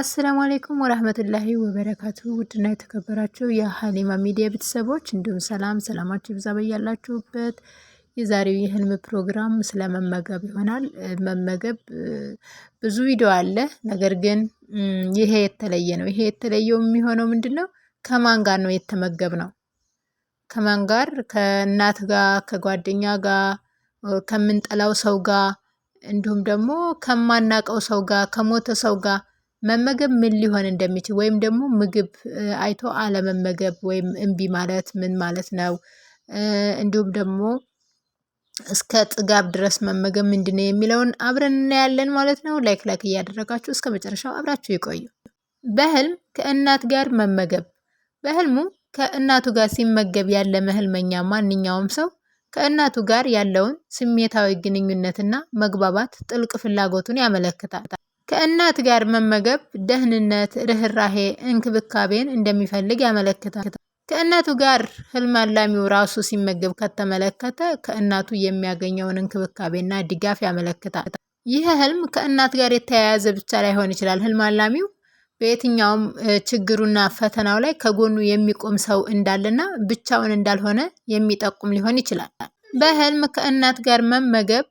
አሰላሙ አሌይኩም ወረህመቱላሂ ወበረካቱ ውድና የተከበራችሁ የሀሊማ ሚዲያ ቤተሰቦች እንዲሁም ሰላም ሰላማችሁ ይብዛ በያላችሁበት። የዛሬው የህልም ፕሮግራም ስለ መመገብ ይሆናል። መመገብ ብዙ ቪዲዮ አለ፣ ነገር ግን ይሄ የተለየ ነው። ይሄ የተለየው የሚሆነው ምንድን ነው? ከማን ጋር ነው የተመገብ ነው? ከማን ጋር? ከእናት ጋር፣ ከጓደኛ ጋር፣ ከምንጠላው ሰው ጋር እንዲሁም ደግሞ ከማናቀው ሰው ጋር፣ ከሞተ ሰው ጋር መመገብ ምን ሊሆን እንደሚችል ወይም ደግሞ ምግብ አይቶ አለመመገብ ወይም እምቢ ማለት ምን ማለት ነው? እንዲሁም ደግሞ እስከ ጥጋብ ድረስ መመገብ ምንድነው የሚለውን አብረን እናያለን ማለት ነው። ላይክ ላይክ እያደረጋችሁ እስከ መጨረሻው አብራችሁ ይቆዩ። በህልም ከእናት ጋር መመገብ በህልሙ ከእናቱ ጋር ሲመገብ ያለ መህልመኛ ማንኛውም ሰው ከእናቱ ጋር ያለውን ስሜታዊ ግንኙነትና መግባባት ጥልቅ ፍላጎቱን ያመለክታል። ከእናት ጋር መመገብ ደህንነት፣ ርኅራሄ፣ እንክብካቤን እንደሚፈልግ ያመለክታል። ከእናቱ ጋር ህልም አላሚው ራሱ ሲመገብ ከተመለከተ ከእናቱ የሚያገኘውን እንክብካቤና ድጋፍ ያመለክታል። ይህ ህልም ከእናት ጋር የተያያዘ ብቻ ላይሆን ይችላል። ህልም አላሚው በየትኛውም ችግሩና ፈተናው ላይ ከጎኑ የሚቆም ሰው እንዳለና ብቻውን እንዳልሆነ የሚጠቁም ሊሆን ይችላል። በህልም ከእናት ጋር መመገብ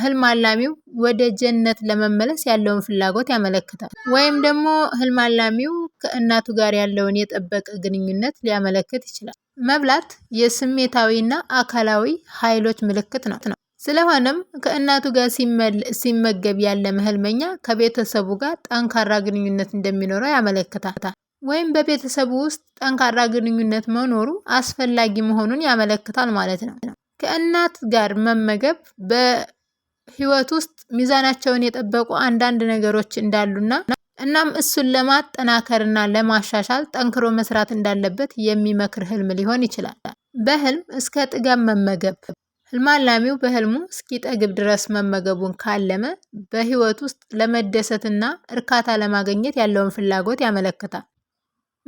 ህልም አላሚው ወደ ጀነት ለመመለስ ያለውን ፍላጎት ያመለክታል። ወይም ደግሞ ህልም አላሚው ከእናቱ ጋር ያለውን የጠበቀ ግንኙነት ሊያመለክት ይችላል። መብላት የስሜታዊና አካላዊ ኃይሎች ምልክት ነው ነው ስለሆነም ከእናቱ ጋር ሲመገብ ያለ ህልመኛ ከቤተሰቡ ጋር ጠንካራ ግንኙነት እንደሚኖረው ያመለክታል። ወይም በቤተሰቡ ውስጥ ጠንካራ ግንኙነት መኖሩ አስፈላጊ መሆኑን ያመለክታል ማለት ነው። ከእናት ጋር መመገብ ህይወት ውስጥ ሚዛናቸውን የጠበቁ አንዳንድ ነገሮች እንዳሉና እናም እሱን ለማጠናከርና ለማሻሻል ጠንክሮ መስራት እንዳለበት የሚመክር ህልም ሊሆን ይችላል። በህልም እስከ ጥጋብ መመገብ ህልማላሚው በህልሙ እስኪጠግብ ድረስ መመገቡን ካለመ በህይወት ውስጥ ለመደሰትና እርካታ ለማግኘት ያለውን ፍላጎት ያመለክታል።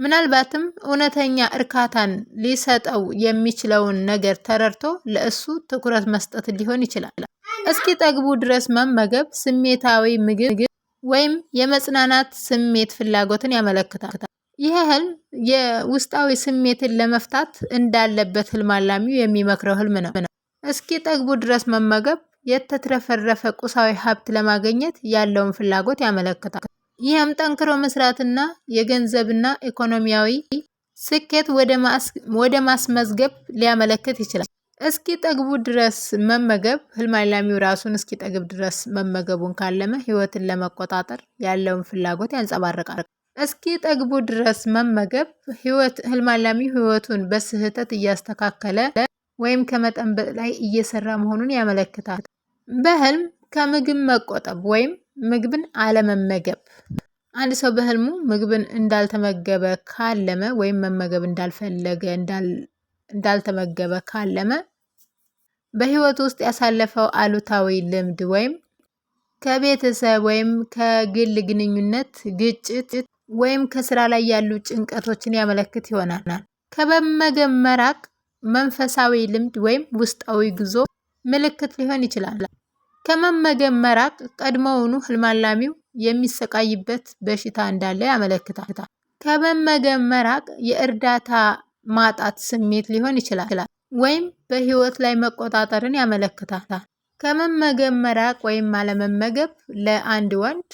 ምናልባትም እውነተኛ እርካታን ሊሰጠው የሚችለውን ነገር ተረድቶ ለእሱ ትኩረት መስጠት ሊሆን ይችላል። እስኪ ጠግቡ ድረስ መመገብ ስሜታዊ ምግብ ወይም የመጽናናት ስሜት ፍላጎትን ያመለክታል። ይህ ህልም የውስጣዊ ስሜትን ለመፍታት እንዳለበት ህልም አላሚው የሚመክረው ህልም ነው። እስኪ ጠግቡ ድረስ መመገብ የተትረፈረፈ ቁሳዊ ሀብት ለማግኘት ያለውን ፍላጎት ያመለክታል። ይህም ጠንክሮ መስራትና የገንዘብና ኢኮኖሚያዊ ስኬት ወደ ማስመዝገብ ሊያመለክት ይችላል። እስኪ ጠግቡ ድረስ መመገብ ህልማላሚው ራሱን እስኪ ጠግብ ድረስ መመገቡን ካለመ ህይወትን ለመቆጣጠር ያለውን ፍላጎት ያንጸባርቃል። እስኪ ጠግቡ ድረስ መመገብ ህልማላሚው ህይወቱን በስህተት እያስተካከለ ወይም ከመጠን በላይ እየሰራ መሆኑን ያመለክታል። በህልም ከምግብ መቆጠብ ወይም ምግብን አለመመገብ አንድ ሰው በህልሙ ምግብን እንዳልተመገበ ካለመ ወይም መመገብ እንዳልፈለገ እንዳልተመገበ ካለመ በህይወት ውስጥ ያሳለፈው አሉታዊ ልምድ ወይም ከቤተሰብ ወይም ከግል ግንኙነት ግጭት ወይም ከስራ ላይ ያሉ ጭንቀቶችን ያመለክት ይሆናል። ከመመገብ መራቅ መንፈሳዊ ልምድ ወይም ውስጣዊ ጉዞ ምልክት ሊሆን ይችላል። ከመመገብ መራቅ ቀድሞውኑ ህልማላሚው የሚሰቃይበት በሽታ እንዳለ ያመለክታል። ከመመገብ መራቅ የእርዳታ ማጣት ስሜት ሊሆን ይችላል ወይም በህይወት ላይ መቆጣጠርን ያመለክታል። ከመመገብ መራቅ ወይም አለመመገብ ለአንድ ወንድ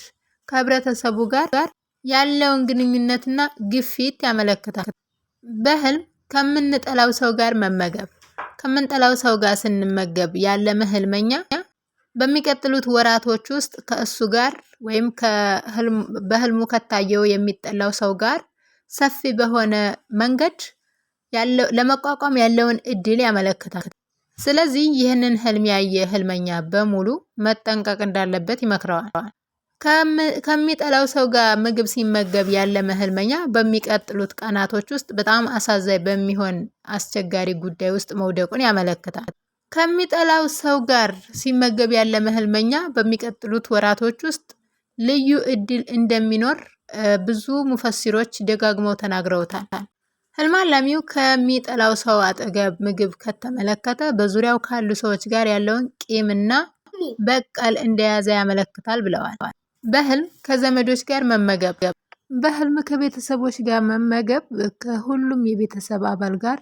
ከህብረተሰቡ ጋር ያለውን ግንኙነትና ግፊት ያመለክታል። በህልም ከምንጠላው ሰው ጋር መመገብ ከምንጠላው ሰው ጋር ስንመገብ ያለመ ህልመኛ በሚቀጥሉት ወራቶች ውስጥ ከእሱ ጋር ወይም በህልሙ ከታየው የሚጠላው ሰው ጋር ሰፊ በሆነ መንገድ ለመቋቋም ያለውን እድል ያመለክታል። ስለዚህ ይህንን ህልም ያየ ህልመኛ በሙሉ መጠንቀቅ እንዳለበት ይመክረዋል። ከሚጠላው ሰው ጋር ምግብ ሲመገብ ያለመ ህልመኛ በሚቀጥሉት ቀናቶች ውስጥ በጣም አሳዛኝ በሚሆን አስቸጋሪ ጉዳይ ውስጥ መውደቁን ያመለክታል። ከሚጠላው ሰው ጋር ሲመገብ ያለ መህልመኛ በሚቀጥሉት ወራቶች ውስጥ ልዩ እድል እንደሚኖር ብዙ ሙፈሲሮች ደጋግመው ተናግረውታል። ህልም አላሚው ከሚጠላው ሰው አጠገብ ምግብ ከተመለከተ በዙሪያው ካሉ ሰዎች ጋር ያለውን ቂምና በቀል እንደያዘ ያመለክታል ብለዋል። በህልም ከዘመዶች ጋር መመገብ በህልም ከቤተሰቦች ጋር መመገብ ከሁሉም የቤተሰብ አባል ጋር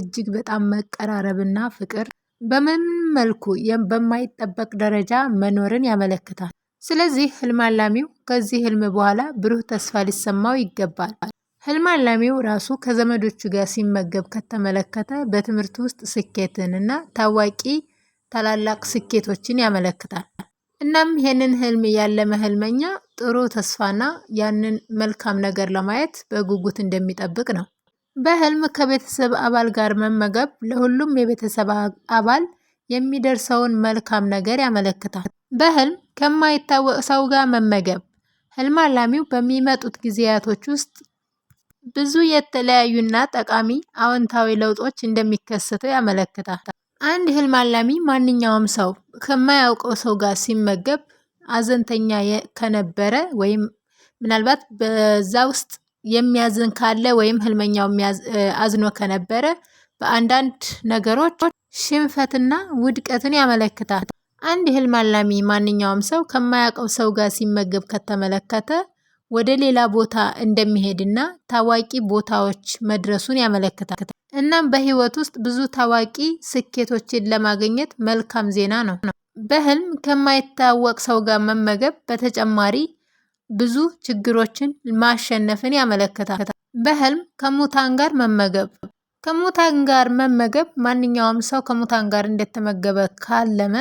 እጅግ በጣም መቀራረብና ፍቅር በምን መልኩ በማይጠበቅ ደረጃ መኖርን ያመለክታል። ስለዚህ ህልም አላሚው ከዚህ ህልም በኋላ ብሩህ ተስፋ ሊሰማው ይገባል። ህልም አላሚው ራሱ ከዘመዶቹ ጋር ሲመገብ ከተመለከተ በትምህርት ውስጥ ስኬትን እና ታዋቂ ታላላቅ ስኬቶችን ያመለክታል። እናም ይህንን ህልም ያለመ ህልመኛ ጥሩ ተስፋና ያንን መልካም ነገር ለማየት በጉጉት እንደሚጠብቅ ነው። በህልም ከቤተሰብ አባል ጋር መመገብ ለሁሉም የቤተሰብ አባል የሚደርሰውን መልካም ነገር ያመለክታል። በህልም ከማይታወቅ ሰው ጋር መመገብ ህልም አላሚው በሚመጡት ጊዜያቶች ውስጥ ብዙ የተለያዩና ጠቃሚ አዎንታዊ ለውጦች እንደሚከሰቱ ያመለክታል። አንድ ህልም አላሚ ማንኛውም ሰው ከማያውቀው ሰው ጋር ሲመገብ አዘንተኛ ከነበረ ወይም ምናልባት በዛ ውስጥ የሚያዝን ካለ ወይም ህልመኛው አዝኖ ከነበረ በአንዳንድ ነገሮች ሽንፈትና ውድቀትን ያመለክታል። አንድ ህልም አላሚ ማንኛውም ሰው ከማያውቀው ሰው ጋር ሲመገብ ከተመለከተ ወደ ሌላ ቦታ እንደሚሄድና ታዋቂ ቦታዎች መድረሱን ያመለክታል። እናም በህይወት ውስጥ ብዙ ታዋቂ ስኬቶችን ለማግኘት መልካም ዜና ነው። በህልም ከማይታወቅ ሰው ጋር መመገብ በተጨማሪ ብዙ ችግሮችን ማሸነፍን ያመለክታል። በህልም ከሙታን ጋር መመገብ ከሙታን ጋር መመገብ ማንኛውም ሰው ከሙታን ጋር እንደተመገበ ካለመ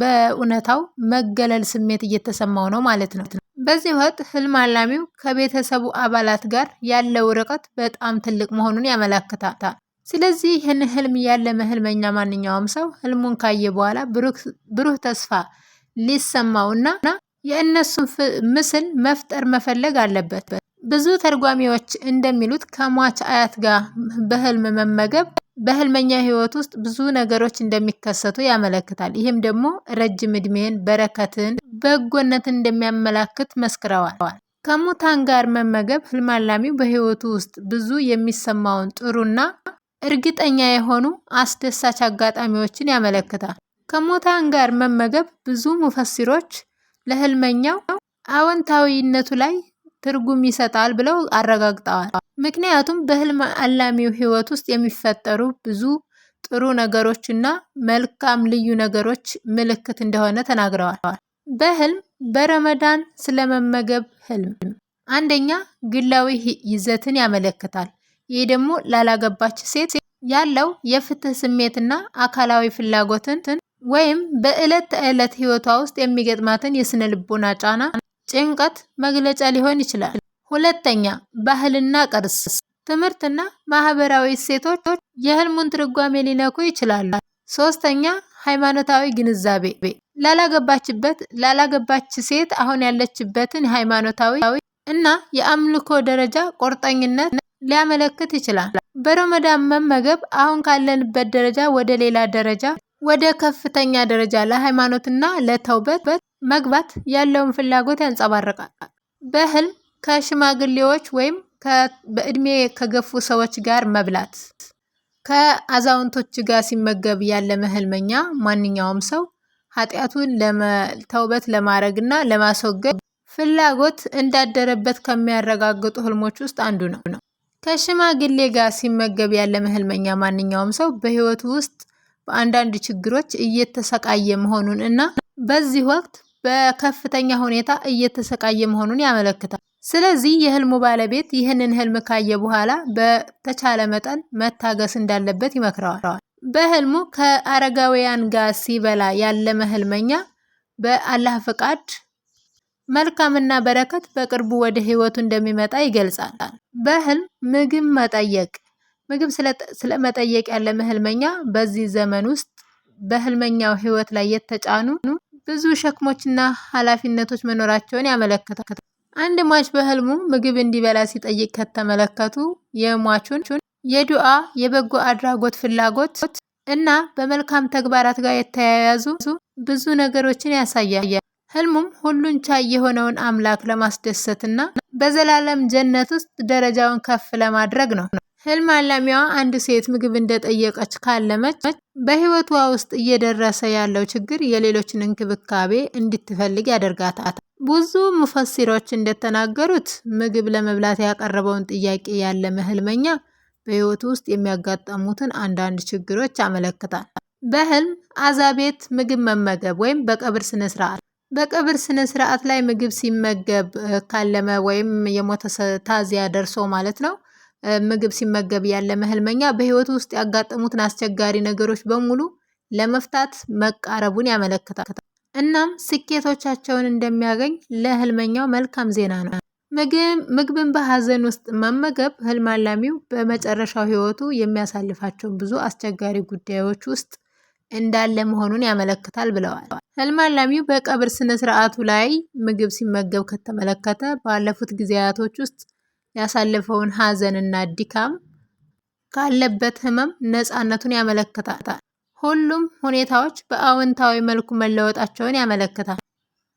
በእውነታው መገለል ስሜት እየተሰማው ነው ማለት ነው። በዚህ ወቅት ህልም አላሚው ከቤተሰቡ አባላት ጋር ያለው ርቀት በጣም ትልቅ መሆኑን ያመለክታታል። ስለዚህ ይህን ህልም ያለመ ህልመኛ ማንኛውም ሰው ህልሙን ካየ በኋላ ብሩህ ተስፋ ሊሰማውና የእነሱን ምስል መፍጠር መፈለግ አለበት። ብዙ ተርጓሚዎች እንደሚሉት ከሟች አያት ጋር በህልም መመገብ በህልመኛ ህይወት ውስጥ ብዙ ነገሮች እንደሚከሰቱ ያመለክታል። ይህም ደግሞ ረጅም እድሜን፣ በረከትን፣ በጎነትን እንደሚያመላክት መስክረዋል። ከሙታን ጋር መመገብ ህልም አላሚው በህይወቱ ውስጥ ብዙ የሚሰማውን ጥሩና እርግጠኛ የሆኑ አስደሳች አጋጣሚዎችን ያመለክታል። ከሙታን ጋር መመገብ ብዙ ሙፈሲሮች ለህልመኛው አዎንታዊነቱ ላይ ትርጉም ይሰጣል ብለው አረጋግጠዋል። ምክንያቱም በህልም አላሚው ህይወት ውስጥ የሚፈጠሩ ብዙ ጥሩ ነገሮች እና መልካም ልዩ ነገሮች ምልክት እንደሆነ ተናግረዋል። በህልም በረመዳን ስለመመገብ ህልም አንደኛ ግላዊ ይዘትን ያመለክታል። ይህ ደግሞ ላላገባች ሴት ያለው የፍትህ ስሜትና አካላዊ ፍላጎትን ወይም በዕለት ተዕለት ህይወቷ ውስጥ የሚገጥማትን የስነ ልቦና ጫና፣ ጭንቀት መግለጫ ሊሆን ይችላል። ሁለተኛ፣ ባህልና ቅርስ፣ ትምህርትና ማህበራዊ እሴቶች የህልሙን ትርጓሜ ሊነኩ ይችላሉ። ሶስተኛ፣ ሃይማኖታዊ ግንዛቤ፣ ላላገባችበት ላላገባች ሴት አሁን ያለችበትን ሃይማኖታዊ እና የአምልኮ ደረጃ ቁርጠኝነት ሊያመለክት ይችላል። በረመዳን መመገብ አሁን ካለንበት ደረጃ ወደ ሌላ ደረጃ ወደ ከፍተኛ ደረጃ ለሃይማኖትና ለተውበት መግባት ያለውን ፍላጎት ያንጸባርቃል። በህልም ከሽማግሌዎች ወይም በእድሜ ከገፉ ሰዎች ጋር መብላት። ከአዛውንቶች ጋር ሲመገብ ያለመ ህልመኛ ማንኛውም ሰው ኃጢአቱን ተውበት ለማድረግና ለማስወገድ ፍላጎት እንዳደረበት ከሚያረጋግጡ ህልሞች ውስጥ አንዱ ነው ነው ከሽማግሌ ጋር ሲመገብ ያለመ ህልመኛ ማንኛውም ሰው በህይወቱ ውስጥ በአንዳንድ ችግሮች እየተሰቃየ መሆኑን እና በዚህ ወቅት በከፍተኛ ሁኔታ እየተሰቃየ መሆኑን ያመለክታል። ስለዚህ የህልሙ ባለቤት ይህንን ህልም ካየ በኋላ በተቻለ መጠን መታገስ እንዳለበት ይመክረዋል። በህልሙ ከአረጋውያን ጋር ሲበላ ያለመ ህልመኛ በአላህ ፍቃድ መልካምና በረከት በቅርቡ ወደ ህይወቱ እንደሚመጣ ይገልጻል። በህልም ምግብ መጠየቅ ምግብ ስለመጠየቅ ያለ ህልመኛ በዚህ ዘመን ውስጥ በህልመኛው ህይወት ላይ የተጫኑ ብዙ ሸክሞችና ኃላፊነቶች መኖራቸውን ያመለክታል። አንድ ሟች በህልሙ ምግብ እንዲበላ ሲጠይቅ ከተመለከቱ የሟቹን የዱዓ የበጎ አድራጎት ፍላጎት እና በመልካም ተግባራት ጋር የተያያዙ ብዙ ነገሮችን ያሳያል። ህልሙም ሁሉን ቻይ የሆነውን አምላክ ለማስደሰት እና በዘላለም ጀነት ውስጥ ደረጃውን ከፍ ለማድረግ ነው። ህልም አላሚዋ አንድ ሴት ምግብ እንደጠየቀች ካለመች በህይወቷ ውስጥ እየደረሰ ያለው ችግር የሌሎችን እንክብካቤ እንድትፈልግ ያደርጋታል። ብዙ ሙፈሲሮች እንደተናገሩት ምግብ ለመብላት ያቀረበውን ጥያቄ ያለመ ህልመኛ በህይወቱ ውስጥ የሚያጋጠሙትን አንዳንድ ችግሮች ያመለክታል። በህልም አዛቤት ምግብ መመገብ ወይም በቀብር ስነ ስርዓት በቀብር ስነ ስርዓት ላይ ምግብ ሲመገብ ካለመ ወይም የሞተ ታዚያ ደርሶ ማለት ነው ምግብ ሲመገብ ያለ መህልመኛ በህይወቱ ውስጥ ያጋጠሙትን አስቸጋሪ ነገሮች በሙሉ ለመፍታት መቃረቡን ያመለክታል። እናም ስኬቶቻቸውን እንደሚያገኝ ለህልመኛው መልካም ዜና ነው። ምግብን በሀዘን ውስጥ መመገብ ህልም አላሚው በመጨረሻው ህይወቱ የሚያሳልፋቸውን ብዙ አስቸጋሪ ጉዳዮች ውስጥ እንዳለ መሆኑን ያመለክታል ብለዋል። ህልም አላሚው በቀብር ስነ ስርዓቱ ላይ ምግብ ሲመገብ ከተመለከተ ባለፉት ጊዜያቶች ውስጥ ያሳለፈውን ሀዘንና ድካም ካለበት ህመም ነፃነቱን ያመለክታል። ሁሉም ሁኔታዎች በአዎንታዊ መልኩ መለወጣቸውን ያመለክታል።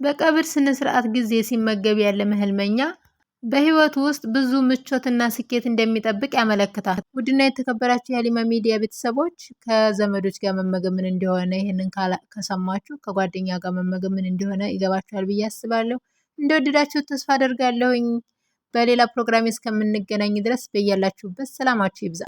በቀብር ስነ ስርዓት ጊዜ ሲመገብ ያለ ህልመኛ በህይወቱ ውስጥ ብዙ ምቾትና ስኬት እንደሚጠብቅ ያመለክታል። ውድና የተከበራችሁ የሀሊማ ሚዲያ ቤተሰቦች ከዘመዶች ጋር መመገብ ምን እንደሆነ ይህንን ከሰማችሁ ከጓደኛ ጋር መመገብ ምን እንደሆነ ይገባችኋል ብዬ አስባለሁ። እንደወደዳችሁ ተስፋ አደርጋለሁኝ። በሌላ ፕሮግራም እስከምንገናኝ ድረስ በያላችሁበት ሰላማችሁ ይብዛ።